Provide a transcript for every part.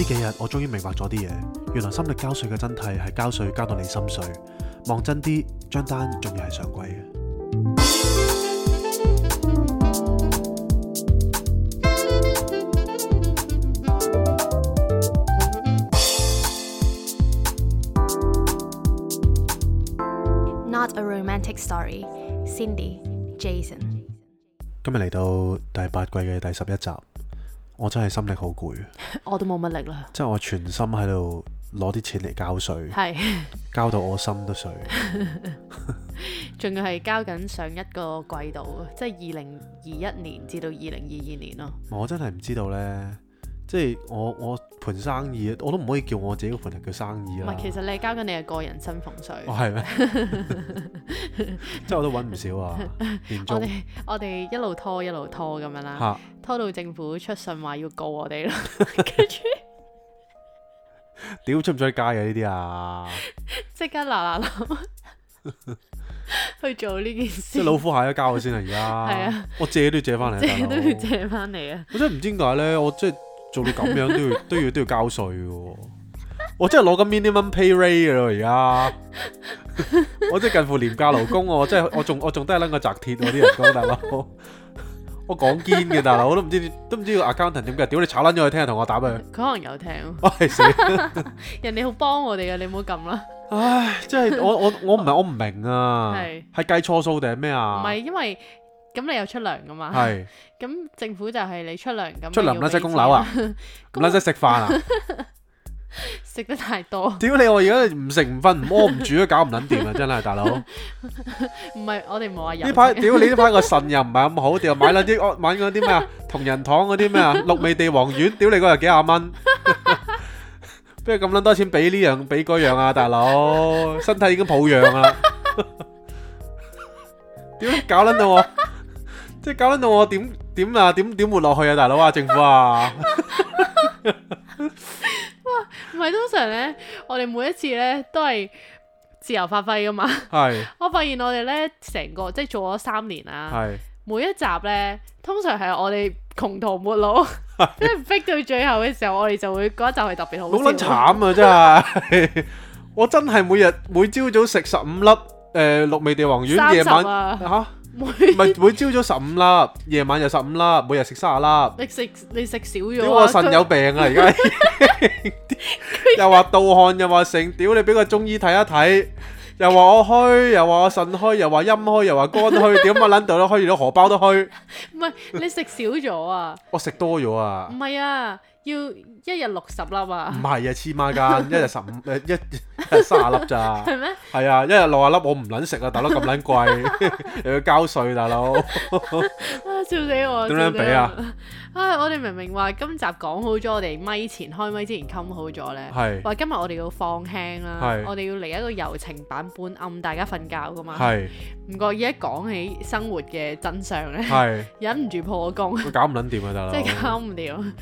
呢幾日我終於明白咗啲嘢，原來心力交瘁嘅真諦係交稅交到你心碎。望真啲，張單仲要係上季嘅。Not a romantic story. Cindy, Jason。今日嚟到第八季嘅第十一集。我真係心力好攰，我都冇乜力啦。即係我全心喺度攞啲錢嚟交稅，係 交到我心都碎，仲要係交緊上一個季度，即係二零二一年至到二零二二年咯。我真係唔知道呢。即係我我盤生意，我都唔可以叫我自己盤嚟，叫生意啊。唔係，其實你交緊你嘅個人薪俸稅。哦，係咩？即係 我都搵唔少啊！我哋我哋一路拖一路拖咁樣啦，哈拖到政府出信話要告我哋啦。跟住，屌出唔出街啊？呢啲啊，即刻嗱嗱諗去做呢件事。 即係老虎蟹都交咗先啊。而家係啊！我借都借翻嚟，借都要借翻嚟啊！我真係唔知點解咧，我即係。做到咁樣都要 都要都要交稅喎！我真係攞緊 minimum pay rate 咯、啊，而家 我真係近乎廉價勞工喎！真係我仲我仲都係拎個紮鐵喎，啲人講大佬，我講堅嘅大佬，我，我，啊、 我都唔知都唔知個 accountant 點計，屌你炒撚咗去，聽日同我打畀佢。可能有聽，我係死人哋好幫我哋嘅、啊，你唔好撳啦。唉，真係我我我唔係我唔明啊，係係計錯數定係咩啊？唔係因為。咁你又出糧噶嘛？係。咁政府就係你出糧咁。出糧，拉仔供樓啊！拉仔食飯啊！食得太多。屌你！我而家唔食唔瞓，唔屙唔住都搞唔捻掂啊！真係大佬。唔係我哋冇話人。呢排，屌你！呢排個腎又唔係咁好，屌買嗱啲惡買嗰啲咩啊？同仁堂嗰啲咩啊？六味地黃丸，屌你個又幾廿蚊？不如咁捻多錢俾呢樣俾嗰樣啊，大佬！身體已經保養啦。屌搞捻到我！即係搞到我點點啊點點活落去啊大佬啊政府啊！哇唔係，通常咧我哋每一次咧都係自由發揮噶嘛係。我發現我哋咧成個即係做咗三年啦，係每一集咧通常係我哋窮途末路即係逼到最後嘅時候，我哋就會嗰一集係特別好，好捻慘啊真係我真係每日每朝早食十五粒，誒六味地黃丸夜晚吓。唔係 每朝早十五粒，夜晚又十五粒，每日食三十粒。你食你食少咗啊？屌，我個腎有病啊！而家又話盜汗，又話成，屌，你俾個中醫睇一睇。又話我虛，又話我腎虛，又話陰虛，又話肝虛，點 啊？捻到都虛到荷包都虛。唔係你食少咗啊？我食多咗啊？唔係啊。要一日六十粒啊？唔係啊，黐孖筋，一日十五誒，一日卅粒咋？係咩？係啊，一日六啊粒，我唔捻食啊，大佬咁捻貴，又要交稅，大佬。笑死我！點樣畀啊？啊，我哋明明話今集講好咗，我哋咪前開咪之前 come 好咗咧。係話今日我哋要放輕啦，我哋要嚟一個柔情版本，暗大家瞓覺噶嘛。係唔覺意一講起生活嘅真相咧，係忍唔住破功，搞唔捻掂啊，大佬！即係搞唔掂。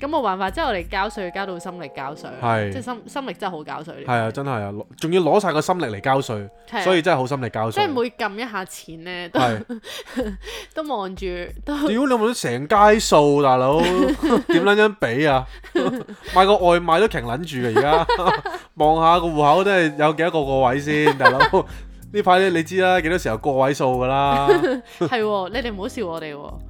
咁冇辦法，即係我哋交稅交到心力交稅，是即係心心力真係好交稅。係啊，真係啊，仲要攞晒個心力嚟交稅，啊、所以真係好心力交稅。即係每撳一下錢咧，都是 都望住。屌你望成街數，大佬點捻 樣俾啊？ 買個外賣都勁捻住啊！而家望下個戶口都係有幾多個個位先，大佬。 呢排咧你知啦，幾多時候個位數噶啦，係、 哦、你哋唔好笑我哋，哦，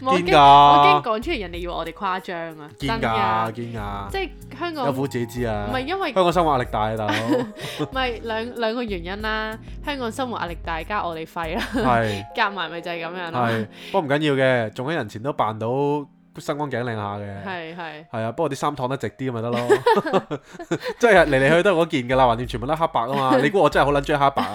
唔 好 的我驚講出嚟，人哋以為我哋誇張啊，真噶，真噶的，真即係香港有苦自己知啊，唔係因為香港生活壓力大啊，大佬，唔係兩兩個原因啦，啊，香港生活壓力大加我哋廢啦，係夾埋咪就係咁樣啦，啊，不過唔緊要嘅，仲喺人前都扮到。身光頸靚下嘅，係係，係啊！不過啲衫熨得直啲咪得咯，即係嚟嚟去都係嗰件噶啦，橫掂全部都黑白啊嘛！你估我真係好捻中意黑白啊？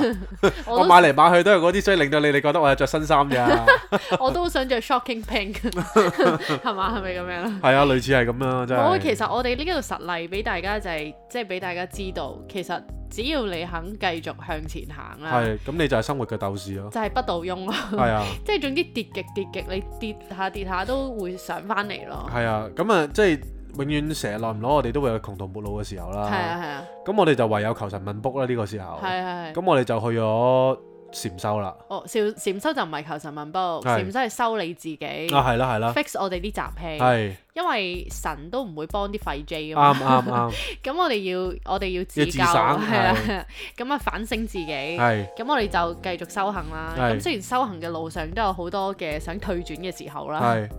我買嚟買去都係嗰啲，所以令到你哋覺得我係着新衫咋？ 我都想着 shocking pink，係嘛？係咪咁樣？係 啊，類似係咁啊，真係。我其實我哋呢一個實例俾大家就係、是，即係俾大家知道，其實。只要你肯繼續向前行啦，係咁你就係生活嘅鬥士咯，就係不倒翁咯，係啊，即係 總之跌極跌極，你跌下跌下都會上翻嚟咯，係啊，咁啊即係永遠成日耐唔耐，我哋都會有窮途末路嘅時候啦，係啊係啊，咁、啊、我哋就唯有求神問卜啦，呢個時候，係係、啊，咁、啊、我哋就去咗。禪修啦，哦，禪修就唔係求神問卜，禪修係修你自己，啊係啦係啦，fix 我哋啲習氣，係，因為神都唔會幫啲廢 J，啱啱啱，咁我哋要我哋要自救，係啦，咁啊反省自己，係，咁我哋就繼續修行啦，咁雖然修行嘅路上都有好多嘅想退轉嘅時候啦，係，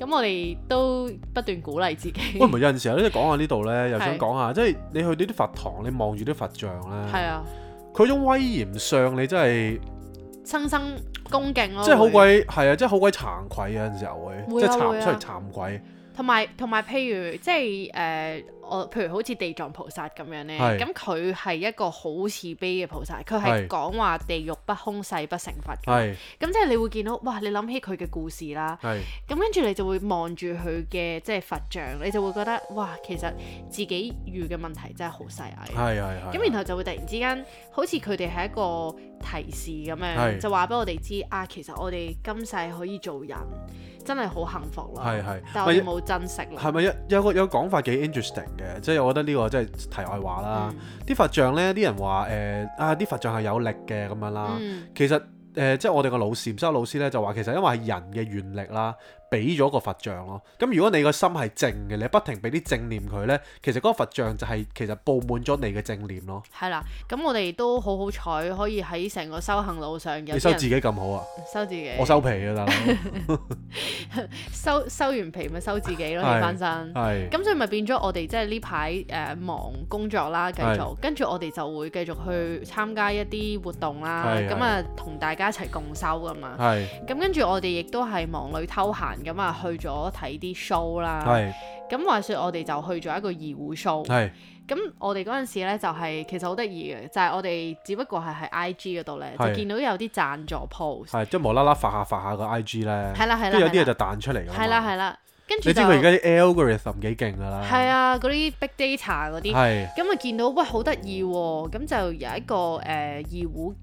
咁我哋都不斷鼓勵自己，喂唔係有陣時咧，即係講下呢度咧，又想講下，即係你去呢啲佛堂，你望住啲佛像咧，係啊。佢種威嚴上，你真係生生恭敬咯，即係好鬼係啊！即係好鬼慚愧啊！有陣時候會即係慚，出嚟慚愧。同埋同埋，譬如即係誒。呃譬如好似地藏菩薩咁樣呢，咁佢係一個好慈悲嘅菩薩，佢係講話地獄不空，誓是不成佛。嘅是。咁即係你會見到，哇！你諗起佢嘅故事啦，咁是跟住你就會望住佢嘅即係佛像，你就會覺得，哇！其實自己遇嘅問題真係好細微。係咁然後就會突然之間，好似佢哋係一個提示咁樣，是就話俾我哋知啊，其實我哋今世可以做人，真係好幸福咯。但我哋冇珍惜。係咪有有個講法幾 interesting？嘅，即係我覺得呢個真係題外話啦。啲、嗯、佛像呢，啲人話誒、呃、啊，啲佛像係有力嘅咁樣啦。嗯、其實誒、呃，即係我哋個老禪修老師呢，就話，其實因為係人嘅原力啦。俾咗個佛像咯，咁如果你個心係靜嘅，你不停俾啲正念佢呢，其實嗰個佛像就係其實佈滿咗你嘅正念咯。係啦，咁我哋都好好彩，可以喺成個修行路上有。你收自己咁好啊，收自己，我收皮啊大佬，收收完皮咪收自己咯，翻身。係，咁所以咪變咗我哋即係呢排誒忙工作啦，繼續，跟住我哋就會繼續去參加一啲活動啦，咁啊同大家一齊共修噶嘛。係，咁跟住我哋亦都係忙裏偷閒。咁啊，去咗睇啲 show 啦。係是。咁話說，我哋就去咗一個二胡 show 是。係、就是。咁我哋嗰陣時咧，就係其實好得意嘅，就係我哋只不過係喺 IG 度咧，是就見到有啲贊助 post 係，即係無啦啦發下發下個 IG 咧。係啦係啦。跟住有啲嘢就彈出嚟。係啦係啦。跟住。你知佢而家啲 algorithm 幾勁噶啦？係啊，嗰啲 big data 嗰啲。係的。咁啊，見到喂好得意，咁就有一個誒、呃、二胡誒、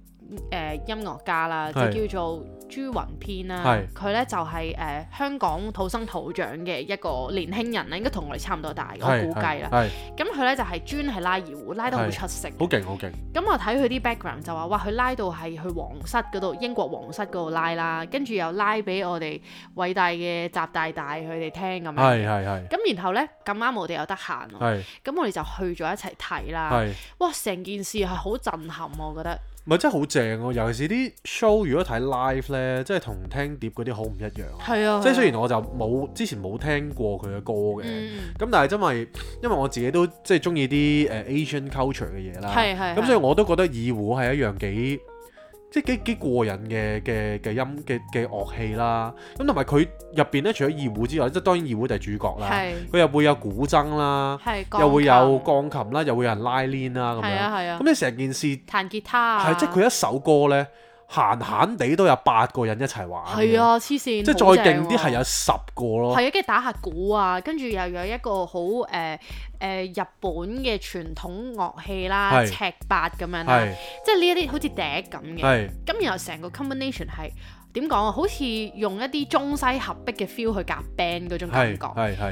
呃、音樂家啦，即叫做的。的朱芸編啦、啊，佢咧是就係、是、誒、呃、香港土生土長嘅一個年輕人咧，應該同我哋差唔多大，我估計啦。咁佢咧就係、是、專係拉二胡，拉得好出色，好勁好勁。咁我睇佢啲 background 就話，哇，佢拉到係去皇室嗰度，英國皇室嗰度拉啦，跟住又拉俾我哋偉大嘅習大大佢哋聽咁樣。咁然後咧咁啱我哋又得閒，咁是我哋就去咗一齊睇啦。是哇，成件事係好震撼、啊，我覺得。咪真係好正哦，尤其是啲 show 如果睇 live 咧。誒，即係同聽碟嗰啲好唔一樣。係啊，即係、啊啊、雖然我就冇之前冇聽過佢嘅歌嘅，咁、嗯、但係因為因為我自己都即係中意啲誒 Asian culture 嘅嘢啦。咁所以我都覺得二胡係一樣幾即係幾幾過癮嘅嘅嘅音嘅嘅樂器啦。咁同埋佢入邊咧，除咗二胡之外，即係當然二胡就係主角啦。佢是又會有古箏啦，又會有鋼琴啦，又會有人拉鍊啦，咁、啊啊、樣。咁你成件事彈吉他啊？係，即係佢一首歌咧。閒閒地都有八個人一齊玩，係啊，黐線，即係再勁啲係有十個咯。係啊，跟住、啊、打下鼓啊，跟住又有一個好誒誒日本嘅傳統樂器啦，尺八咁樣啦，是即係呢一啲好似笛咁嘅。咁是然後成個 combination 係。點講啊？好似用一啲中西合璧嘅 feel 去夾 band 嗰種感覺。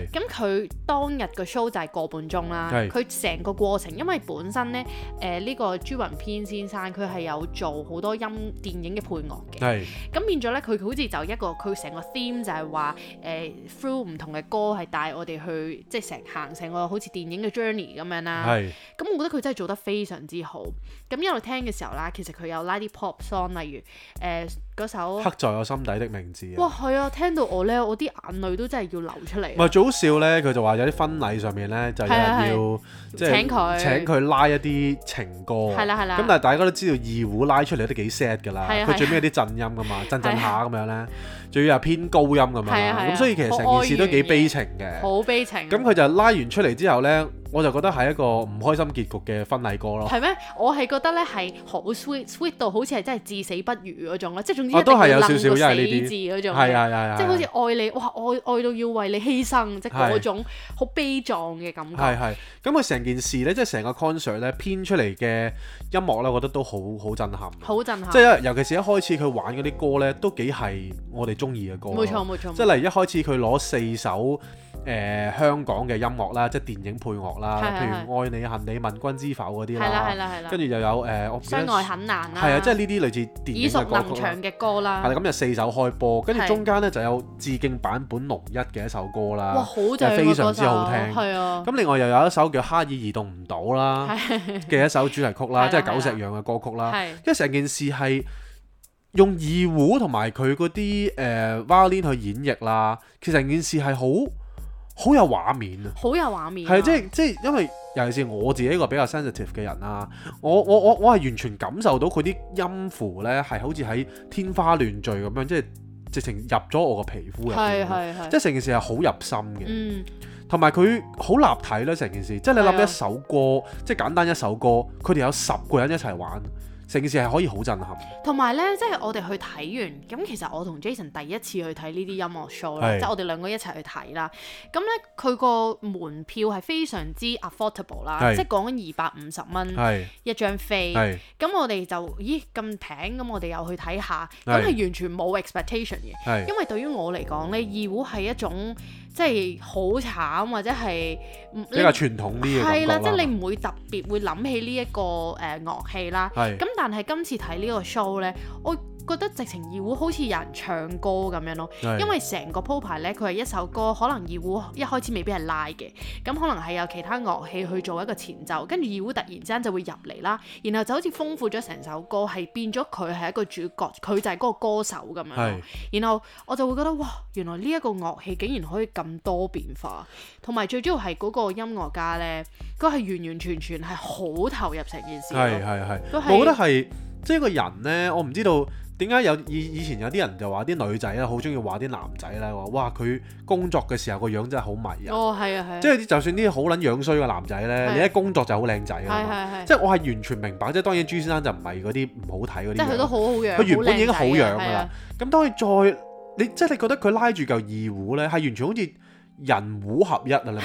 咁佢、嗯、當日嘅 show 就係個半鐘啦。佢成是個過程，因為本身呢，誒、呃、呢、這個朱雲編先生佢係有做好多音電影嘅配樂嘅。咁是、嗯、變咗呢，佢好似就一個佢成個 theme 就係話，誒、呃、through 唔同嘅歌係帶我哋去，即係成行成個好似電影嘅 journey 咁樣啦。咁是、嗯、我覺得佢真係做得非常之好。咁、嗯、一路聽嘅時候啦，其實佢有拉啲 pop song，例如誒。呃嗯嗰首刻在我心底的名字啊！哇，係啊，聽到我咧，我啲眼淚都真係要流出嚟。唔係最好笑咧，佢就話有啲婚禮上面咧，就係、有人要即係、啊就係、請佢他請佢拉一啲情歌。係啦係啦。咁、啊、但係大家都知道二胡拉出嚟都幾 sad 㗎啦。佢、啊啊、最尾有啲震音㗎嘛，啊、震震下咁樣啦。仲要係偏高音咁樣咁、啊嗯、所以其實成件事都幾悲情嘅，悲情好悲情。咁佢就拉完出嚟之後呢，我就覺得係一個唔開心結局嘅婚禮歌咯。係咩？我係覺得呢係好 sweet，sweet 到好似係真係至死不渝嗰種咯，即係總之我都係有少少因為呢啲。字嗰種，係啊係啊，啊啊即係好似愛你，哇愛愛到要為你犧牲，即係嗰種好悲壯嘅感覺。係係、啊。咁佢成件事呢，即係成個 concert 咧編出嚟嘅音樂呢音樂，我覺得都好好震撼。好震撼。即係尤其是一開始佢玩嗰啲歌呢，都幾係我哋中意嘅歌，冇錯，冇錯，即係例如一開始佢攞四首誒香港嘅音樂啦，即係電影配樂啦，譬如《愛你恨你問君知否》嗰啲啦，跟住又有我相愛很難啦，係啊，即係呢啲類似耳熟能唱嘅歌啦。係啦，咁就四首開播，跟住中間咧就有致敬版本龍一嘅一首歌啦。哇，好正啊！非常之好聽。係啊。咁另外又有一首叫《哈爾移動唔到》啦嘅一首主題曲啦，即係久石讓嘅歌曲啦。係，因為成件事係。.用二胡同埋佢嗰啲誒 violin 去演繹啦，其實件事係好好有畫面，面啊，好有畫面，係即係即係，因為尤其是我自己一個比較 sensitive 嘅、嗯、人啦、啊，我我我我係完全感受到佢啲音符咧係好似喺天花亂墜咁樣，即係直情入咗我個皮膚入邊，即係成件事係好入心嘅，同埋佢好立體啦，成件事，即係你諗一首歌，嗯、即係簡單一首歌，佢哋有十個人一齊玩。成件事係可以好震撼，同埋呢，即係我哋去睇完，咁其實我同 Jason 第一次去睇呢啲音樂 show 咧，是的 即係我哋兩個一齊去睇啦。咁呢，佢個門票係非常之 affordable 啦，是的 即係講緊二百五十蚊一張飛。咁是的 我哋就咦，咁平，咁我哋又去睇下，咁係完全冇 expectation 嘅，是的 因為對於我嚟講呢，二胡係一種。即係好慘，或者係比較傳統啲嘅，係啦、啊，即係你唔會特別會諗起呢、這、一個誒、呃、樂器啦。咁是但係今次睇呢個 show 呢，我，覺得直情二胡好似有人唱歌咁樣咯，是因為成個鋪排呢，佢係一首歌，可能二胡一開始未必係拉嘅，咁可能係有其他樂器去做一個前奏，跟住二胡突然之間就會入嚟啦，然後就好似豐富咗成首歌，係變咗佢係一個主角，佢就係嗰個歌手咁樣。是然後我就會覺得哇，原來呢一個樂器竟然可以咁多變化，同埋最主要係嗰個音樂家呢，佢係完完全全係好投入成件事咯。係，係是我覺得係即係個人呢，我唔知道。點解有以，以前有啲人就話，啲女仔咧，好中意話啲男仔咧，話哇，佢工作嘅時候個樣真係好迷人，即係就算啲好撚樣衰嘅男仔咧，你一工作就好靚仔啦。係係，即係我係完全明白，即係當然朱先生就唔係嗰啲唔好睇嗰啲，佢都好好樣，佢原本已經好樣噶啦。咁當佢再，你即係你覺得佢拉住嚿二胡咧，係完全好似。人胡合一啊！你咪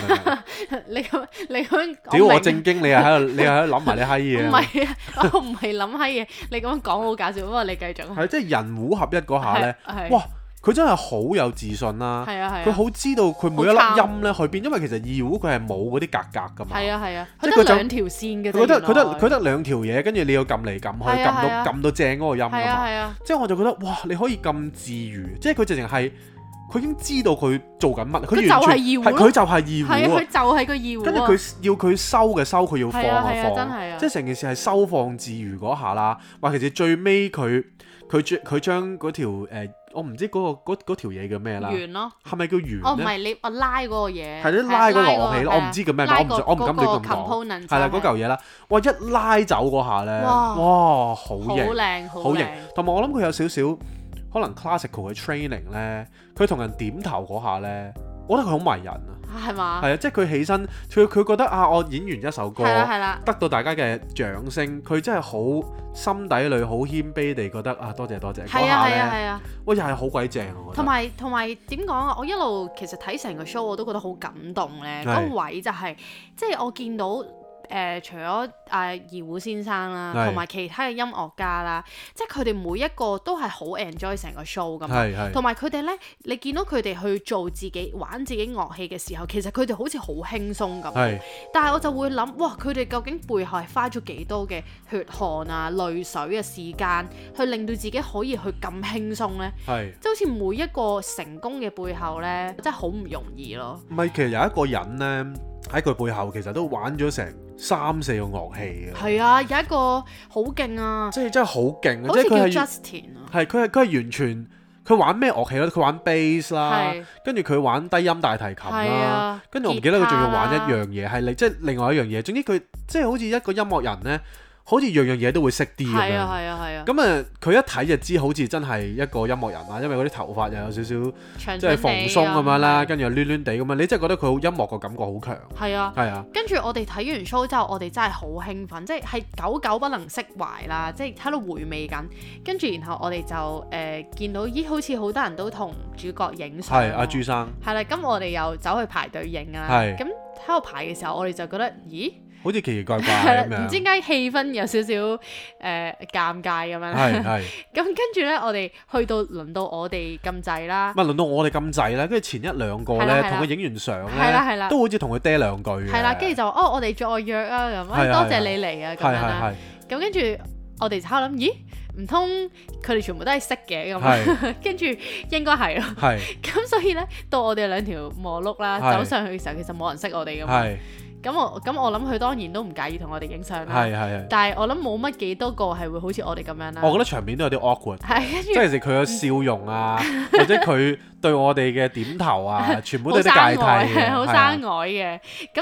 你咁你咁，屌我正經，你又喺度，你又喺度諗埋你閪嘢。唔係啊，我唔係諗閪嘢，你咁樣講好搞笑。不過你繼續。係啊，即係人胡合一嗰下咧，哇！佢真係好有自信啦。係啊係佢好知道佢每一粒音咧去邊，因為其實二胡佢係冇嗰啲格格㗎嘛。係啊係啊。即係佢兩條線嘅。佢得佢得佢得兩條嘢，跟住你要撳嚟撳去，撳到撳到正嗰個音㗎嘛。係啊係啊。即係我就覺得哇！你可以咁自如，即係佢直情係。佢已經知道佢做緊乜，佢完全係佢就係二胡，係啊，佢就係個二胡。跟住佢要佢收嘅收，佢要放啊放，即係成件事係收放自如嗰下啦。哇！其實最尾佢佢佢將嗰條我唔知嗰個條嘢叫咩啦，圓咯，係咪叫圓咧？哦，唔係你我拉嗰個嘢，係咧拉個樂器咯，我唔知叫咩名，我唔敢亂咁講。係啦，嗰嚿嘢啦，哇！一拉走嗰下咧，哇，好型，好靚，好型。同埋我諗佢有少少。可能 classical 嘅 training 咧，佢同人點頭嗰下呢，我覺得佢好迷人啊，係嘛嗎？係啊，即係佢起身，佢佢覺得啊，我演完一首歌，得到大家嘅掌聲，佢真係好心底裏好謙卑地覺得啊，多謝多謝，係啊，嗰下啊，喂又係好鬼正，同埋同埋點講啊？我一路其實睇成個 show 我都覺得好感動呢。嗰的位就係即係我見到。誒、呃，除咗阿、啊、二胡先生啦、啊，同埋是其他嘅音樂家啦、啊，即係佢哋每一個都係好 enjoy 成個 show 咁，同埋佢哋呢，你見到佢哋去做自己玩自己樂器嘅時候，其實佢哋好似好輕鬆咁。是但係我就會諗，哇！佢哋究竟背後係花咗幾多嘅血汗啊、淚水嘅時間，去令到自己可以去咁輕鬆呢？即係是好似每一個成功嘅背後呢，真係好唔容易咯。唔係，其實有一個人呢，喺佢背後，其實都玩咗成三四個樂器啊，係啊，有一個好勁啊，即係真係好勁，即係叫 Justin 啊，係佢係佢係完全佢玩咩樂器咯、啊？佢玩 bass 啦、啊，跟住佢玩低音大提琴啦、啊，跟住、啊、我唔記得佢仲要玩一樣嘢，係另、啊、即係另外一樣嘢。總之佢即係好似一個音樂人咧。好似樣樣嘢都會識啲咁，係啊，係啊，係啊。咁啊，佢、啊、一睇就知好似真係一個音樂人啦，因為嗰啲頭髮又有少少即係蓬鬆咁樣啦，跟住又攣攣地咁樣，你真係覺得佢好音樂個感覺好強。係啊，係啊。跟住我哋睇完 show 之後，我哋真係好興奮，即係久久不能釋懷啦，即係喺度回味緊。跟住然後我哋就誒、呃、見到咦，好似好多人都同主角影相。係阿朱生。係啦、啊，咁我哋又走去排隊影啊。係、啊。咁喺度排嘅時候，我哋就覺得咦。好似奇奇怪怪咁樣，唔知點解氣氛有少少誒尷尬咁樣。係係。咁跟住咧，我哋去到輪到我哋咁滯啦。唔係輪到我哋咁滯啦，跟住前一兩個咧，同佢影完相咧，都好似同佢嗲兩句。係啦，跟住就哦，我哋再約啊咁，多謝你嚟啊咁樣啦。咁跟住我哋就喺度諗，咦？唔通佢哋全部都係識嘅咁？跟住應該係咯。係。咁所以咧，到我哋兩條磨碌啦，走上去嘅時候，其實冇人識我哋㗎嘛。係。咁我咁我諗佢當然都唔介意同我哋影相啦，係係係，但係我諗冇乜幾多個係會好似我哋咁樣啦，啊。我覺得場面都有啲 awkward，係，是的 即係佢嘅笑容啊， 或者佢。對我哋嘅點頭啊，全部都啲界替嘅，好生外嘅。咁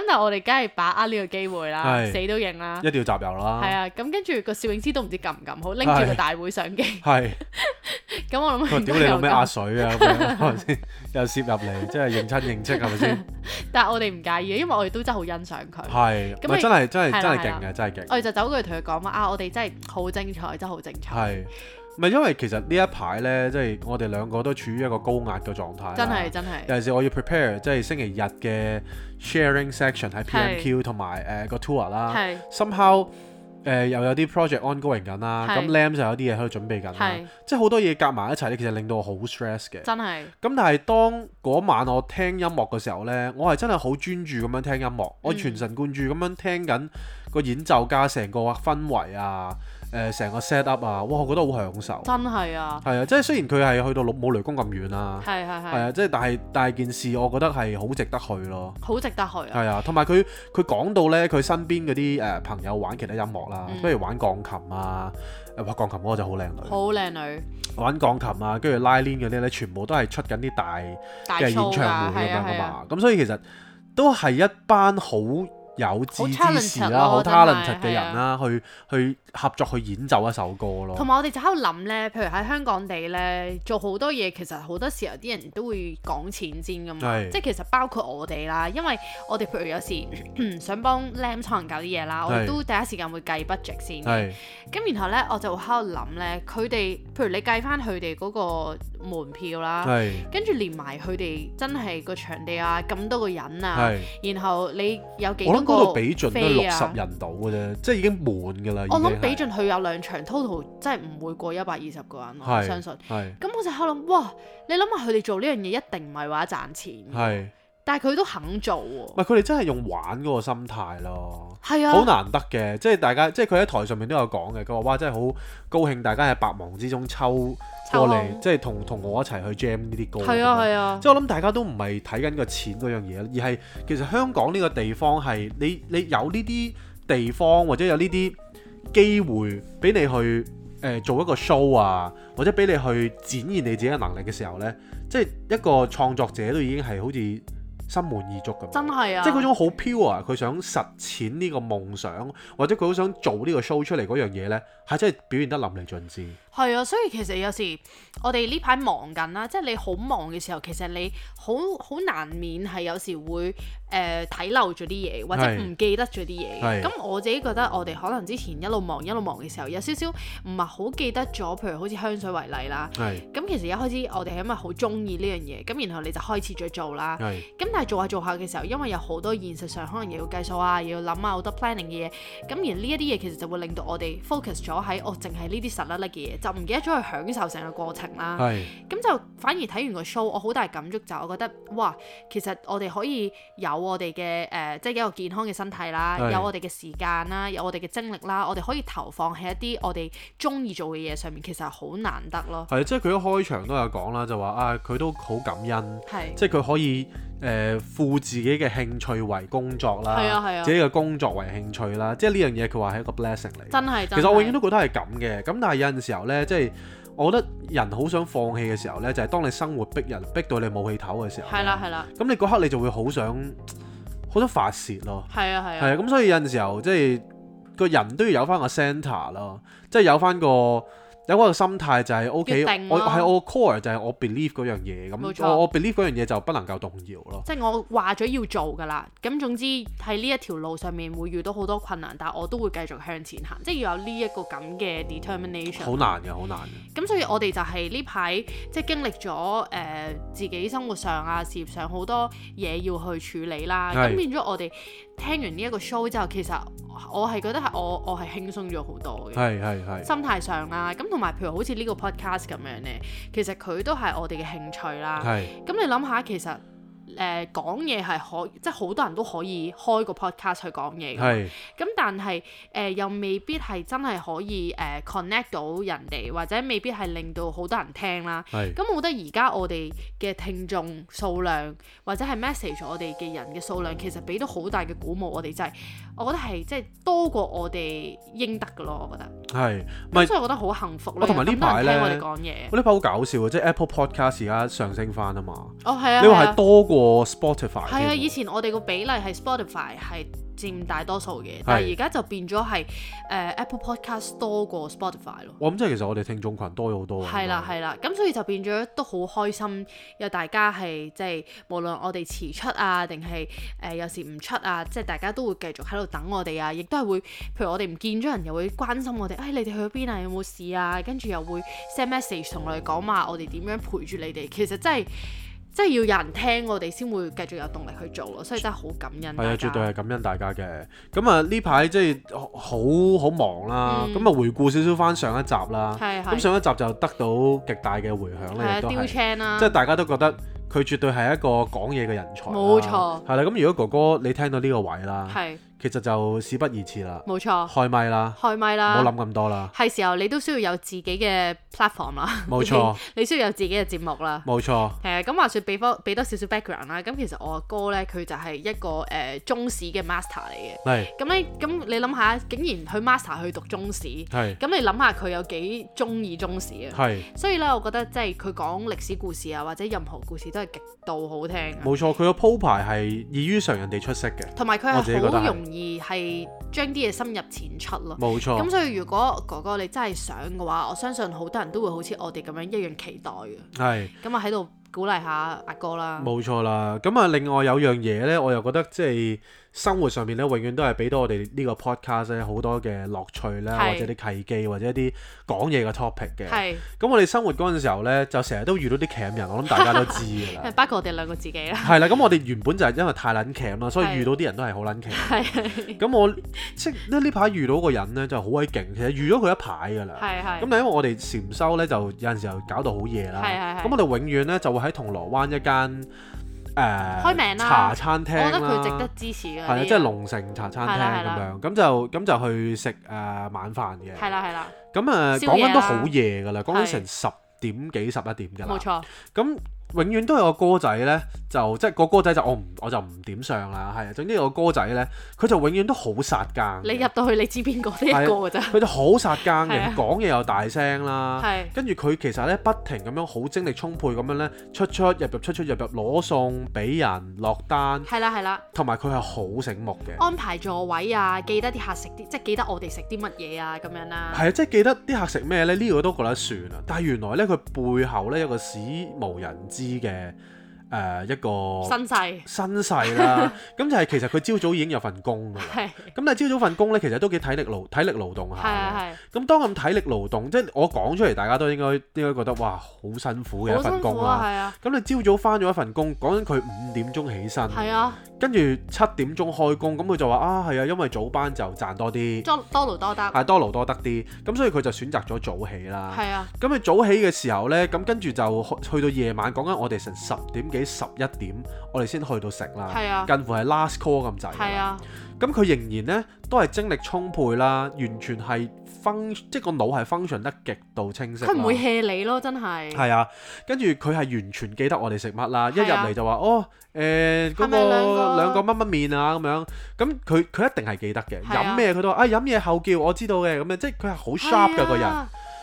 但係我哋梗係把握呢個機會啦，死都認啦，一定要集郵啦。係啊，咁跟住個攝影師都唔知撳唔撳好，拎住個大會相機。係。咁我諗啊，點解你用咩壓水嘅？係咪先？又攝入嚟，即係認親認戚係咪先？但係我哋唔介意啊，因為我哋都真係好欣賞佢。係，咁真係真係真係勁啊，真係勁。我哋就走過去同佢講話，啊，我哋真係好精彩，真係好精彩。係。唔係，因為其實呢一排呢，即係我哋兩個都處於一個高壓嘅狀態真。真係真係。尤其是我要 prepare 即係星期日嘅 sharing section 喺 PMQ 同埋誒個 tour 啦。是 Somehow、呃、又有啲 project ongoing 緊啦。咁 Lam 就有啲嘢喺度準備緊。是即係好多嘢夾埋一齊咧，其實令到我好 stress 嘅。真係的。咁但係當嗰晚我聽音樂嘅時候呢，我係真係好專注咁樣聽音樂，嗯、我全神貫注咁樣聽緊個演奏家成個氛圍啊！誒成、呃、個 set up 啊，哇！我覺得好享受，真係啊，係啊，即係雖然佢係去到冇雷公咁遠啦，係係係，啊，即係、啊、但係但係件事，我覺得係好值得去咯，好值得去啊，啊，同埋佢佢講到咧，佢身邊嗰啲誒朋友玩其他音樂啦、啊，譬、嗯、如玩鋼琴啊，誒、呃、玩鋼琴嗰個就好靚女，好靚女，玩鋼琴啊，跟住拉鍊嗰啲咧，全部都係出緊啲大嘅演唱會咁樣噶嘛，咁、啊啊啊、所以其實都係一班好。有志之士啦，好 talented 嘅人啦，去、啊、去，去合作去演奏一首歌咯。同埋我哋就喺度諗呢，譬如喺香港地呢，做好多嘢其實好多時候啲人都會講錢先噶嘛。是即係其實包括我哋啦，因為我哋譬如有時想幫 Lamb 創人搞啲嘢啦，是我哋都第一時間會計 budget 先。咁是然後呢，我就喺度諗呢，佢哋譬如你計翻佢哋嗰個。門票啦，跟住是連埋佢哋真係個場地啊，咁多個人啊，是然後你有幾多飛啊，我諗俾盡都六十、啊、人到嘅啫，即係已經滿嘅啦。我諗比盡佢有兩場 total，是真係唔會過一百二十個人，是我相信。係咁是我就喺度諗，哇！你諗下佢哋做呢樣嘢一定唔係話賺錢，是但係佢都肯做喎、啊。唔係佢哋真係用玩嗰個心態咯。係啊，好難得嘅，即係大家，即係佢喺台上面都有講嘅。佢話：哇，真係好高興，大家喺百忙之中抽，抽空過嚟，即係同同我一齊去 jam 呢啲歌。係啊，係啊。即係我諗大家都唔係睇緊個錢嗰樣嘢，而係其實香港呢個地方係你你有呢啲地方或者有呢啲機會俾你去誒、呃、做一個 show 啊，或者俾你去展現你自己嘅能力嘅時候呢，即係一個創作者都已經係好似。心滿意足噉，真係啊！即係嗰種好 pure，佢想實踐呢個夢想，或者佢好想做呢個 show 出嚟嗰樣嘢呢，係真係表現得淋漓盡致。係啊，所以其實有時我哋呢排忙緊啦，即係你好忙嘅時候，其實你好好難免係有時會誒睇、呃、漏咗啲嘢，或者唔記得咗啲嘢。咁我自己覺得我哋可能之前一路忙一路忙嘅時候，有少少唔係好記得咗，譬如好似香水為例啦。咁的其實一開始我哋係因為好中意呢樣嘢，咁然後你就開始再做啦。咁的但係做下做下嘅時候，因為有好多現實上可能又要計數啊，又要諗啊好多 planning 嘅嘢，咁而呢一啲嘢其實就會令到我哋 focus 咗喺哦，淨係呢啲實粒粒嘅嘢。就唔記得咗去享受成個過程啦，咁是就反而睇完個 show，我好大感觸就我覺得，哇，其實我哋可以有我哋嘅誒，即係一個健康嘅身體啦，是有我哋嘅時間啦，有我哋嘅精力啦，我哋可以投放喺一啲我哋中意做嘅嘢上面，其實好難得咯。係，即係佢一開場都有講啦，就話啊，佢都好感恩，是即係佢可以。誒，付、呃、自己嘅興趣為工作啦，係啊係啊、自己嘅工作為興趣啦，即係呢樣嘢佢話係一個 blessing 嚟。真係真。其實我永遠都覺得係咁嘅，咁但係有陣時候呢，即係我覺得人好想放棄嘅時候呢，就係、是、當你生活逼人，逼到你冇氣頭嘅時候。係啦係啦。咁、啊啊、你嗰刻你就會好想，好想發泄咯。係啊係啊。係咁、啊啊、所以有陣時候即係個人都要有返個 centre 咯，即係有返個。有個心態就係 O.K.，定、啊、我係我 core 就係我 believe 嗰樣嘢咁，錯我我 believe 嗰樣嘢就不能夠動搖咯。即係我話咗要做㗎啦，咁總之喺呢一條路上面會遇到好多困難，但我都會繼續向前行。即、就、係、是、要有呢一個咁嘅 determination。好、嗯、難嘅，好難嘅。咁、嗯、所以我哋就係呢排即係經歷咗誒、呃、自己生活上啊、事業上好多嘢要去處理啦，咁是變咗我哋聽完呢一個 show 之後，其實。我係覺得係我我係輕鬆咗好多嘅，係係係，心態上啦、啊，咁同埋譬如好似呢個 podcast 咁樣咧，其實佢都係我哋嘅興趣啦，咁係你諗下其實。誒、呃、講嘢係可，即係好多人都可以開個 podcast 去講嘢咁是但係誒、呃、又未必係真係可以誒、呃、connect 到人哋，或者未必係令到好多人聽啦。咁是我覺得而家我哋嘅聽眾數量，或者係 message 我哋嘅人嘅數量，其實俾到好大嘅鼓舞我，我哋真係我覺得係即係多過我哋應得嘅咯。我覺得係。咁所以我覺得好幸福囉。我同埋呢排聽我哋講嘢。我呢排好搞笑啊！即係 Apple Podcast 而家上升翻啊嘛。哦係、啊。啊、你話係多過？Spotify 係啊，以前我哋個比例係 Spotify 係佔大多數嘅，是但係而家就變咗係誒 Apple Podcast 多過 Spotify 咯。我諗、哦嗯、即係其實我哋聽眾群多咗好多啊！係啦，係啦，咁、嗯、所以就變咗都好開心，又大家係即係無論我哋遲出啊，定係誒有時唔出啊，即、就、係、是、大家都會繼續喺度等我哋啊，亦都係會，譬如我哋唔見咗人，又會關心我哋，誒、哎、你哋去咗邊啊？有冇事啊？跟住又會 send message 同我哋講話，我哋點樣陪住你哋？其實真、就、係、是、～即係要有人聽我哋先會繼續有動力去做咯，所以真係好感恩。係啊，絕對係感恩大家嘅。咁啊呢排即係好好忙啦，咁啊、嗯、回顧少少翻上一集啦。咁係係。上一集就得到極大嘅回響啦，都係。即係大家都覺得佢絕對係一個講嘢嘅人才。冇錯。係啦，咁如果哥哥你聽到呢個位啦。其實就事不宜遲啦，冇錯。開咪啦，開咪啦，冇諗咁多啦。係時候你都需要有自己嘅 platform 啦，冇錯。 你需要有自己嘅節目啦，冇錯。係啊、嗯，咁話説俾多俾多少少 background 啦。咁其實我阿哥咧，佢就係一個誒、呃、中史嘅 master 嚟嘅，係是。咁咧、嗯，咁你諗下，竟然去 master 去讀中史，係是。咁你諗下佢有幾中意中史啊？係是。所以咧，我覺得即係佢講歷史故事啊，或者任何故事都係極度好聽。冇、嗯、錯，佢個鋪排係異於常人哋出色嘅，同埋佢係好容易。而係將啲嘢深入淺出咯，冇沒錯。咁所以如果哥哥你真係想嘅話，我相信好多人都會好似我哋咁樣一樣期待嘅。係。咁啊喺度。鼓勵下阿哥啦，冇錯啦。咁啊，另外有樣嘢呢，我又覺得即係生活上面呢，永遠都係俾到我哋呢個 podcast 咧好多嘅樂趣啦，是或者啲契機，或者一啲講嘢嘅 topic 嘅。咁是我哋生活嗰陣時候呢，就成日都遇到啲僆人，我諗大家都知㗎啦。 包括我哋兩個自己啦。係啦，咁我哋原本就係因為太撚僆啦，所以遇到啲人都係好撚僆。係是。咁我即係呢排遇到個人呢，就好鬼勁。其實遇咗佢一排㗎啦。咁但因為我哋禪修呢，就有陣時候搞到好夜啦。咁我哋永遠呢，就喺銅鑼灣一間誒、呃、開名茶餐廳，我覺得佢值得支持嘅係啊，即係、就是、龍城茶餐廳咁樣，咁就咁就去食誒、呃、晚飯嘅。係啦係啦，咁啊講緊都好夜㗎啦，講緊成十點幾十一點㗎啦，冇錯咁。永遠都有個歌仔呢，就即係個歌仔就我唔我就唔點上啦，係啊。總之個歌仔呢，佢就永遠都好殺更你。你入到去，你知邊個呢一個㗎啫？佢就好殺更嘅，講嘢係，又大聲啦。係，跟住佢其實呢，不停咁樣好精力充沛咁樣呢，出出入入出出入入攞餸俾人落單。係啦係啦，同埋佢係好醒目嘅。安排座位啊，記得啲客食啲，即係記得我哋食啲乜嘢啊咁樣啦。係啊，即係記得啲客食咩呢？呢個都覺得算啊。但係原來呢，佢背後呢，有個史無人知。知嘅。誒一個身世身世啦，咁就係其實佢朝早已經有份工㗎，咁但係朝早份工咧其實都幾體力勞體力勞動嚇，咁當咁體力勞動，即係我講出嚟大家都應該應該覺得哇好辛苦嘅一份工啦，咁你朝早翻咗一份工，講緊佢五點鐘起身，跟住七點鐘開工，咁佢就話啊，係啊，因為早班就賺多啲，多多勞多得，係多勞多得啲，咁所以佢就選擇咗早起啦，咁佢早起嘅時候呢，咁跟住就去到夜晚，講緊我哋成十點幾。十一點，我哋先去到食啦，啊、近乎係 last call 咁滯、啊。咁佢仍然呢，都係精力充沛啦，完全係 function, 即係個腦係 function 得極度清晰。佢唔會 hea 你咯，真係。係啊，跟住佢係完全記得我哋食乜啦，啊、一入嚟就話哦，誒、欸，嗰、那個兩個乜乜麵啊咁樣，咁佢佢一定係記得嘅，飲咩佢都話啊，飲嘢、哎、後叫，我知道嘅，咁樣即係佢係好 sharp 嘅個人。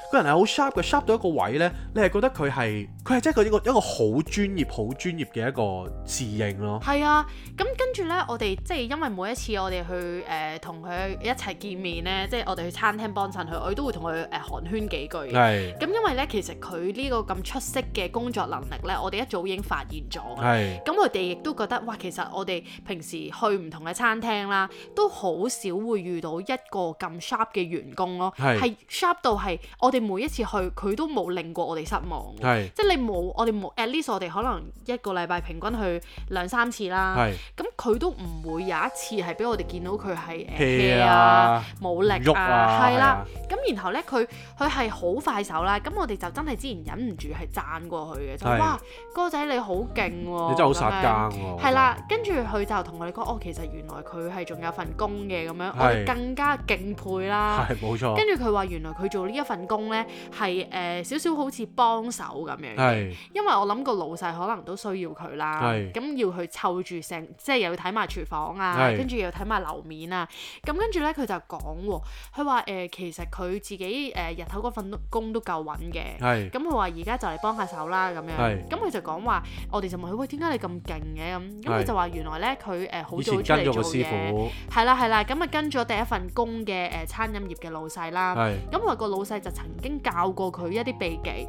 個人係好 sharp 嘅，sharp 到一個位咧，你係覺得佢係佢係真係一個一個好專業、好專業嘅一個侍應咯。係啊，咁跟住咧，我哋即係因為每一次我哋去誒同佢一齊見面咧，即係我哋去餐廳幫襯佢，我哋都會同佢誒寒暄幾句。係是。咁因為咧，其實佢呢個咁出色嘅工作能力咧，我哋一早已經發現咗。係是。咁我哋亦都覺得，哇！其實我哋平時去唔同嘅餐廳啦，都好少會遇到一個咁 sharp 嘅員工咯。係。sharp 到係我哋。每一次去佢都冇令過我哋失望，是即係你冇我哋冇 at least 我哋可能一個禮拜平均去兩三次啦，咁佢是都唔會有一次係俾我哋見到佢係 hea 啊冇力啊，係、啊、啦，咁、啊、然後咧佢佢係好快手啦，咁我哋就真係之前忍唔住係讚過佢嘅，就是哇哥、那個、仔你好勁、啊，你真係好殺雞喎、啊，是是啦，跟住佢就同我哋講哦其實原來佢係仲有份工嘅咁樣，是我哋更加敬佩啦，係冇錯，跟住佢話原來佢做呢一份工。咧係少少好似幫手咁樣，因為我諗個老細可能都需要佢啦，咁是要去湊住成，即係、啊、是又要睇埋廚房啊，跟住又要睇埋樓面啊，咁跟住咧佢就講、是、喎，佢話誒其實佢自己誒日頭嗰份工都夠穩嘅，咁佢話而家就嚟幫下手啦咁樣，咁佢就講話我哋就問佢喂，點解你咁勁嘅？咁，咁佢就話原來咧佢誒好早出嚟做嘢，係啦係啦，咁咪跟咗第一份工嘅誒餐飲業嘅老細啦，咁話個老細就曾。經教過佢一啲秘技，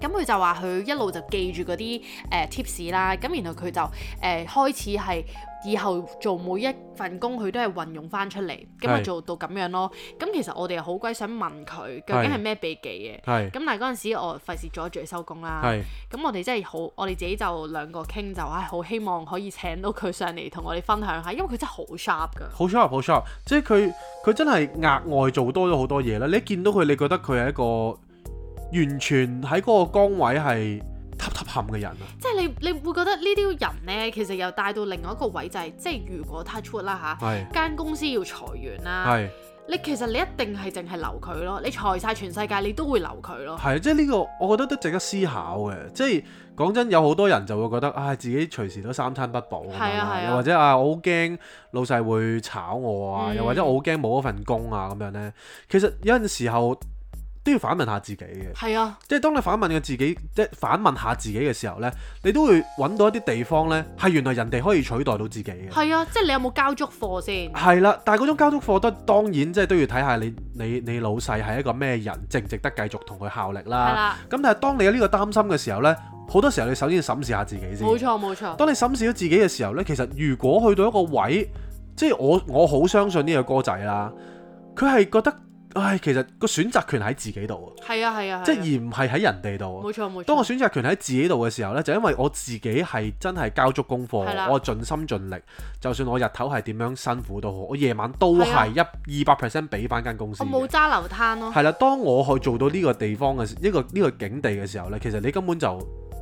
咁佢就話佢一路就記住嗰啲誒 tips 啦，咁然後佢就誒、呃、開始係。以後做每一份工，佢都係運用翻出嚟，咁啊是做到咁樣咯。咁其實我哋好鬼想問佢究竟係咩秘技嘅。係是。咁但係嗰陣時，我費事阻住佢收工啦。係是。咁我哋真係好，我哋自己就兩個傾就，唉，好希望可以請到佢上嚟同我哋分享下，因為佢真係好 sharp 噶。好 sharp，好 sharp，即係佢佢真係額外做多咗好多嘢啦。你見到佢，你覺得佢係一個完全喺嗰個崗位係。塌塌陷嘅人啊，即係你，你會覺得呢啲人呢，其實又帶到另外一個位，就係即係如果 touch wood 啦吓，間是公司要裁員啦，是你其實你一定係淨係留佢咯，你裁晒全世界你都會留佢咯。係，即係呢個，我覺得都值得思考嘅。即係講真，有好多人就會覺得，唉，自己隨時都三餐不保啊，咁樣啊，或者啊，我好驚老細會炒我啊，嗯、又或者我好驚冇咗份工啊咁樣呢，其實有陣時候。都要反問下自己嘅。係啊，即係當你反問嘅自己，即反問下自己嘅時候呢，你都會揾到一啲地方呢，係原來人哋可以取代到自己嘅。係啊，即係你有冇交足貨先？係啦、啊，但係嗰種交足貨，都當然即係都要睇下你你你老細係一個咩人，值唔值得繼續同佢效力啦。咁、啊、但係當你有呢個擔心嘅時候呢，好多時候你首先要審視下自己先。冇錯冇錯。當你審視咗自己嘅時候呢，其實如果去到一個位，即係我我好相信呢個歌仔啦，佢係覺得。唉，其實個選擇權喺自己度啊，係啊係啊，即係、啊、而唔係喺人哋度。冇錯冇錯。錯當我選擇權喺自己度嘅時候呢，就因為我自己係真係交足功課，啊、我盡心盡力，就算我日頭係點樣辛苦都好，我夜晚都係一二百 percent 俾翻間公司。我冇揸流攤咯。係啦、啊，當我去做到呢個地方嘅呢個呢個境地嘅時候呢、這個這個，其實你根本就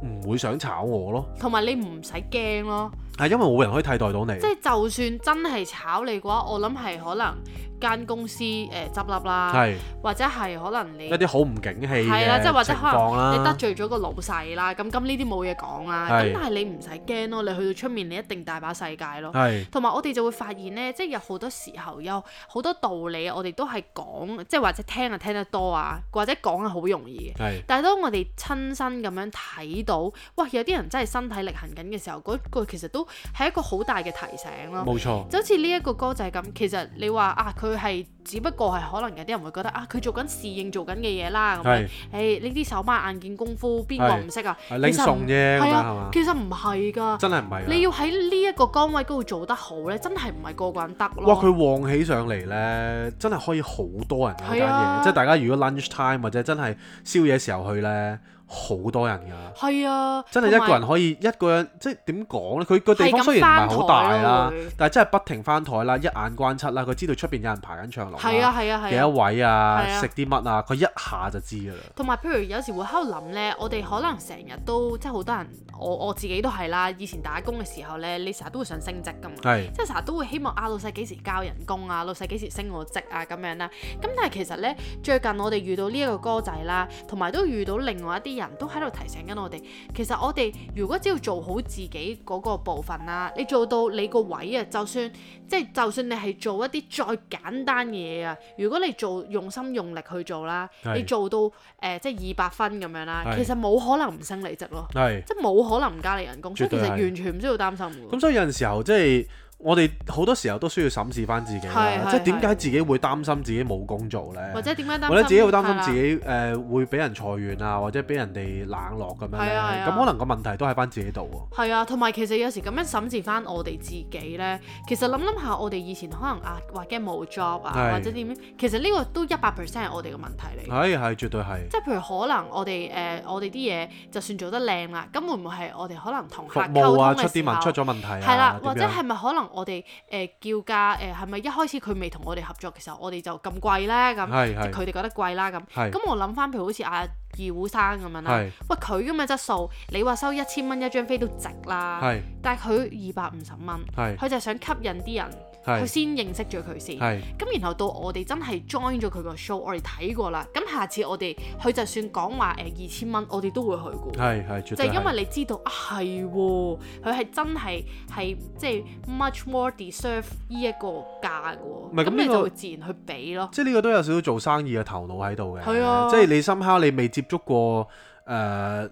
唔會想炒我咯，同埋你唔使驚咯。係因為冇人可以替代到你。即係就算真係炒你嘅話，我諗係可能間公司誒執笠啦，呃、是或者係可能你一啲好唔景氣、啊、即係或者可能你得罪咗個老細啦，咁咁呢啲冇嘢講啦。咁是但係你唔使驚咯，你去到出面你一定大把世界咯。同埋是我哋就會發現呢，即係有好多時候有好多道理，我哋都係講，即係或者聽啊聽得多啊，或者講係好容易是但係當我哋親身咁樣睇到，哇！有啲人真係身體力行緊嘅時候，嗰個其實都～係一個好大嘅提醒咯，冇錯錯，就好似呢一個歌就係咁。其實你話啊，佢係只不過係可能有啲人會覺得啊，佢做緊侍應做緊嘅嘢啦。咁樣是，誒呢啲手板眼見功夫邊個唔識啊？你送啫，係啊，嗎其實唔係噶，真係唔係。你要喺呢一個崗位嗰度做得好咧，真係唔係個個人得咯。哇，佢旺起上嚟咧，真係可以好多人嗰間嘢。即係大家如果 lunch time 或者真係宵夜時候去咧。好多人㗎，係啊！真係一個人可以有一個人，即係點講呢？佢個地方雖然唔係好大啦，但係真係不停翻台啦，一眼觀七啦，佢知道出邊有人排緊長龍，係啊係啊係，幾、啊、多位啊，食啲乜啊，佢、啊、一下就知㗎啦。同埋譬如有時會喺度諗呢，我哋可能成日都即係好多人，我我自己都係啦。以前打工嘅時候呢，你成日都會想升職㗎嘛，是即係成日都會希望啊老細幾時交人工啊，老細幾時升我職啊咁樣啦。咁但係其實呢，最近我哋遇到呢一個歌仔啦，同埋都遇到另外一啲人。人都喺度提醒緊我哋，其實我哋如果只要做好自己嗰個部分啦，你做到你個位啊，就算即係、就是、就算你係做一啲再簡單嘅嘢啊，如果你做用心用力去做啦，你做到誒即係二百分咁樣啦，其實冇可能唔升你職咯，即係冇可能唔加你人工，所以其實完全唔需要擔心嘅。咁所以有陣時候即係。我哋好多時候都需要審視翻自己係係係係即係點解自己會擔心自己冇工做咧？或者點解擔心？自己會擔心自己誒的、呃、會俾人裁員啊，或者俾人哋冷落咁樣咧？咁的的可能個問題都喺翻自己度喎。係啊，同埋其實有時咁樣審視翻我哋自己咧，其實諗諗下，我哋以前可能啊，或驚冇 job 啊，的或者點？其實呢個都一百 percent 係我哋嘅問題嚟。係係，絕對係。即係譬如可能我哋誒、呃、我哋啲嘢就算做得靚啦，咁會唔會係我哋可能同客溝通服務、啊、出啲問出咗問題啊？係啦，或者係咪可能？我哋誒、呃、叫價誒係咪一開始佢未同我哋合作嘅時候，我哋就咁貴呢？咁，即佢哋覺得貴啦咁，咁是是 我諗翻譬如好似阿二胡生咁樣啦，是是喂，佢咁嘅質素，你話收一千蚊一張飛都值啦。是是但係佢二百五十蚊，佢是是 就係想吸引啲人。佢是先認識咗佢先，咁是然後到我哋真係 join 咗佢個 show，我哋睇過啦。咁下次我哋佢就算講話誒二千蚊，我哋都會去過。係係，就係因為你知道啊，係、哦，佢係真係係即係 much more deserve 呢一個價嘅。咁，你就會自然去畀咯。這個、即係呢個都有少少做生意嘅頭腦喺度嘅。係啊，即係你深刻你未接觸過誒、呃、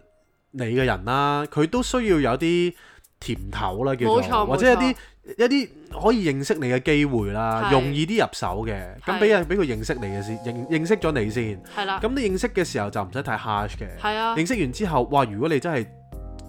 你嘅人啦，佢都需要有啲甜頭啦，錯叫做錯或者有啲。一啲可以認識你嘅機會啦，是容易啲入手嘅，咁俾人俾佢認識你嘅先，認認識咗你先，咁的你認識嘅時候就唔使太 hard 嘅，的認識完之後，哇！如果你真係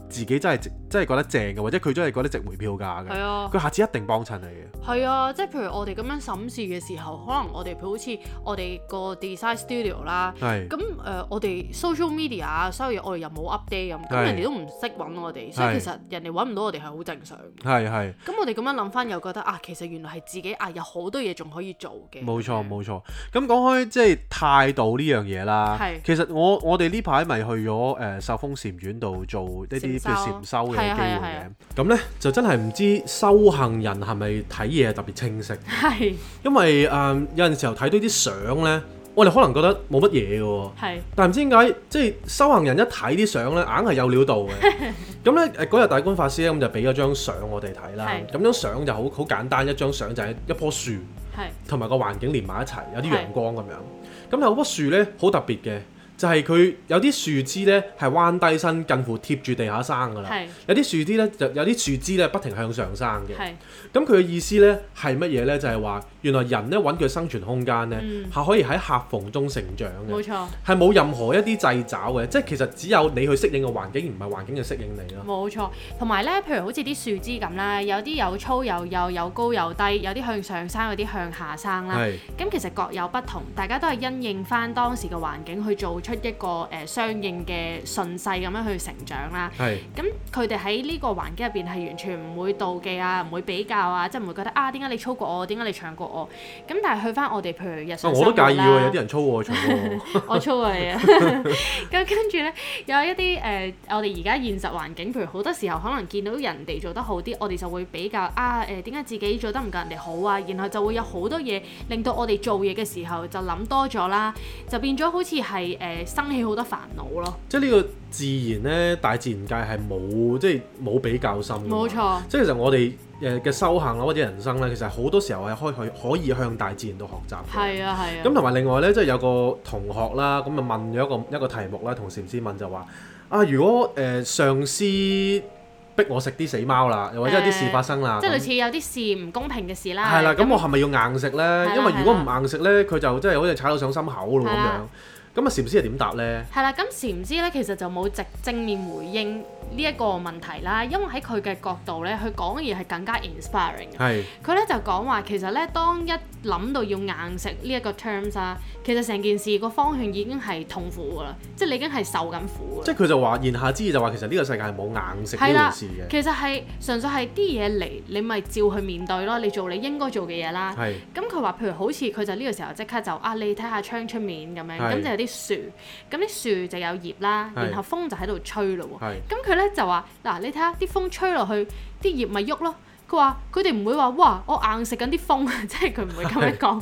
自己真係值。真係覺得正嘅，或者佢真係覺得值回票價嘅。係啊，佢下次一定幫襯你嘅。係啊，即係譬如我哋咁樣審視嘅時候，可能我哋譬如好似我哋個 design studio 啦，係咁誒我哋 social media 啊所有嘢我哋又冇 update 咁，咁、啊、是人哋都唔識揾我哋，所以其實人哋揾唔到我哋係好正常。係，係咁我哋咁樣諗翻又覺得啊，其實原來係自己啊有好多嘢仲可以做嘅。冇錯冇錯，咁講開即係態度呢樣嘢啦。係是。其實我我哋呢排咪去咗誒秀峰禪院度做一啲譬如禪修嘅。係咁咧，就真係唔知修行人係咪睇嘢特別清晰？係， 因為誒、呃、有陣時候睇到啲相咧，我哋可能覺得冇乜嘢嘅喎。係， 但唔知點解，即係修行人一睇啲相咧，硬係有料到嘅。咁咧誒嗰日大觀法師咧，咁就俾咗張相我哋睇啦。咁 張相就好好簡單，一張相就係一棵樹，同埋個環境連埋一齊，有啲陽光咁樣。咁 有棵樹咧，好特別嘅。就係佢有啲樹枝咧，係彎低身，近乎貼住地下生㗎喇是。有啲樹枝咧，就有啲樹枝咧，不停向上生嘅是。咁佢嘅意思咧係乜嘢咧？就係、是、話原來人咧揾佢生存空間咧，係可以喺客縫中成長嘅。冇錯，係冇任何一啲掣肘嘅，即係其實只有你去適應嘅環境，而唔係環境去適應你咯。冇錯，同埋咧，譬如好似啲樹枝咁啦，有啲有粗有幼，有高有低，有啲向上生，有啲向下生啦。咁是其實各有不同，大家都係因應翻當時嘅環境去做出一個誒、呃、相應嘅順勢咁樣去成長啦。係是。咁佢哋喺呢個環境入邊係完全唔會妒忌啊，唔會比較啊，即係唔會覺得啊點解、啊、你粗過我，點解你長過我？咁但係去翻我哋譬如日常我生活啦，啊、有啲人粗我長我，我 我粗你啊。咁 跟住呢，有一啲誒、呃，我哋而家現實環境，譬如好多時候可能見到人哋做得好啲，我哋就會比較啊誒點解自己做得唔夠人哋好啊？然後就會有好多嘢令到我哋做嘢嘅時候就諗多咗啦，就變咗好似係誒。呃呃生起好多煩惱咯。即係呢個自然呢，大自然界係冇即係冇比較心嘅。冇錯。即係其實我哋誒嘅修行啊，或者人生呢，其實好多時候係可以可以向大自然度學習。係啊，係啊。咁同埋另外呢，即係有個同學啦，咁啊問咗一個一個題目啦，同禪師問就話：啊，如果誒、呃、上司逼我食啲死貓啦，又或者有啲事發生啦，即係、呃、那類似有啲事唔公平嘅事啦。係啦、啊。咁我係咪要硬食呢？啊、因為如果唔硬食呢，佢、啊、就真係好似踩到上心口咯咁樣。咁啊，禪師係點答咧？係啦，咁禪師咧，其實就冇直正面回應呢一個問題啦，因為喺佢嘅角度咧，佢講嘢係更加 inspiring 嘅。係佢咧就講話，其實咧當一諗到要硬食呢一個 terms 啊，其實成件事個方向已經係痛苦㗎啦，即係你已經係受緊苦㗎。即係佢就話言下之意就話，其實呢個世界係冇硬食呢件事嘅。其實係純粹係啲嘢嚟，你咪照去面對咯，你做你應該做嘅嘢啦。咁佢話，譬如好似佢就呢個時候即刻就啊，你睇下窗出面咁樣，咁的就有啲樹，咁啲樹就有葉啦，然後風就喺度吹咯喎，咁佢咧。就話嗱，啊，你睇下啲風吹落去，啲葉咪喐咯。佢話佢哋唔會話哇，我硬食緊啲風啊， 即係佢唔會咁樣講。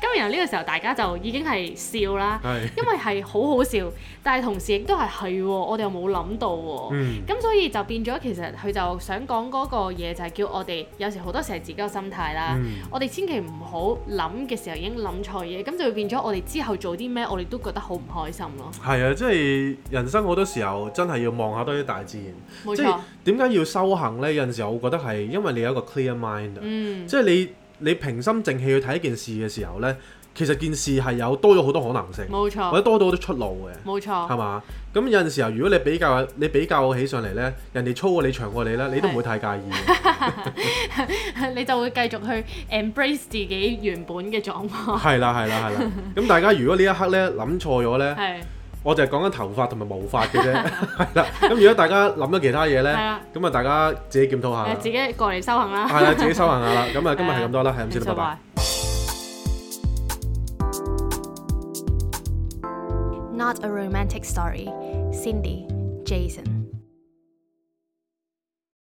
咁然後呢個時候，大家就已經係笑啦，是因為係好好笑， 但係同時亦都係係喎，我哋又冇諗到喎。咁、嗯、所以就變咗，其實佢就想講嗰個嘢，就係叫我哋有時好多時係自己個心態啦。嗯、我哋千祈唔好諗嘅時候已經諗錯嘢，咁就會變咗我哋之後做啲咩，我哋都覺得好唔開心咯。係啊，即、就、係、是、人生好多時候真係要望下多啲大自然。冇錯錯。點解要修行呢？有陣時候我覺得係因為你有一個 clear mind，即係、嗯、你。你平心靜氣去睇一件事嘅時候呢，其實件事係有多咗好多可能性，冇錯，或者多咗好多出路嘅，冇錯，係嘛？咁有陣時候，如果你比較，你比較起上嚟呢，人哋粗過你長過你呢，你都唔會太介意，你就會繼續去 embrace 自己原本嘅狀況。係 啦，係啦，係啦。咁大家如果呢一刻呢，諗錯咗呢。我就係講緊頭髮同埋毛髮嘅啫，係啦。 咁如果大家諗咗其他嘢咧，咁啊 大家自己檢討下、呃、自己過嚟修行啦。係啦、 啊，自己修行下啦。咁啊，今日係咁多啦，係咁先啦。拜拜！Not a romantic story，Cindy Jason。